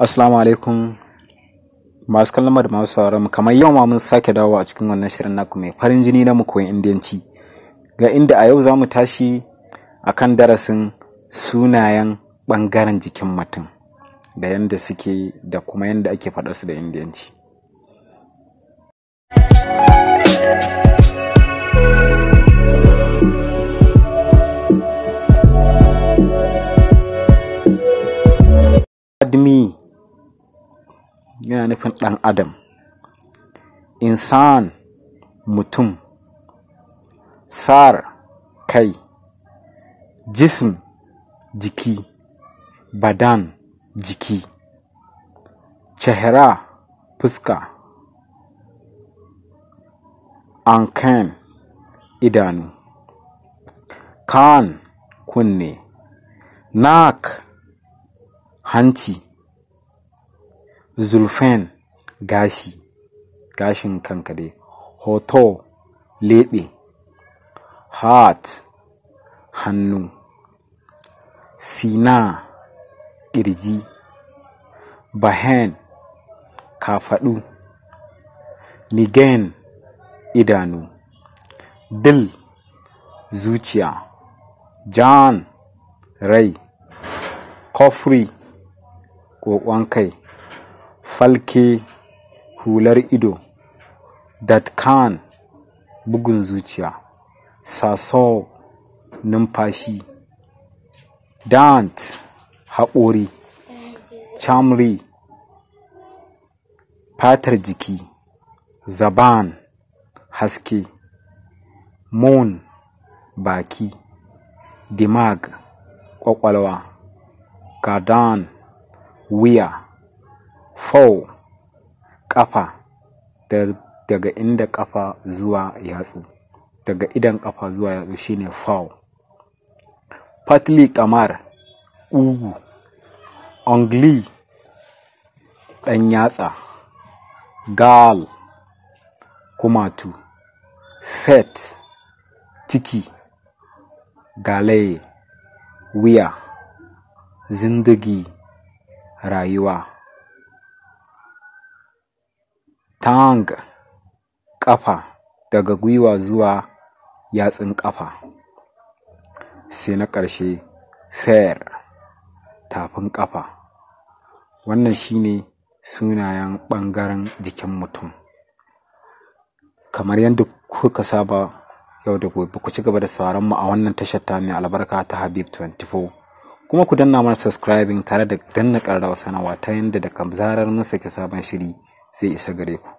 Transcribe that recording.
Assalamu alaikum masu kallon da masu sauraron kamar yau ma mun sake dawo a cikin wannan shirin naku mai farin jini na koyon indiyanci ga inda a yau za mu tashi kan darasin sunayen bangaren jikin mutum da yadda suke da kuma yadda ake faɗa su da indiyanci Admi yana nufin ɗan adam insan mutum sar kai jism jiki badan jiki chehra fuska ankan idanu kan kunne nak hanci zulfen gashi gashin kanka dai hoto leɓe heart hannu sina ƙirji bahen kafaɗu nigen idanu dil zuciya jan rai kofri ƙoƙon kai falke hular ido datkan bugun zuciya saso numfashi dant haƙori chamri fatar jiki zaban haske moon baki dimag ƙwaƙwalwa gadan wuya Fau ƙafa daga inda ƙafa zuwa yatsu daga idon ƙafa zuwa yatsu shine fau, Patli kamar ugu, Ongli ɗan yatsa. Gal kumatu. Fet ciki. Galaye wuya. Zindigi rayuwa. tang ƙafa daga gwiwa zuwa yatsun ƙafa sai na ƙarshe fair tafin ƙafa wannan shine sunayen ɓangaren jikin mutum kamar yadda kuka saba yau da gobe ku ci gaba da sauraron mu a wannan tashar ta mai albarka ta habib 24 kuma ku danna mana subscribing tare da danna ƙararrawa sanawa ta yadda da zarar mun saki sabon shiri zai isa gare ku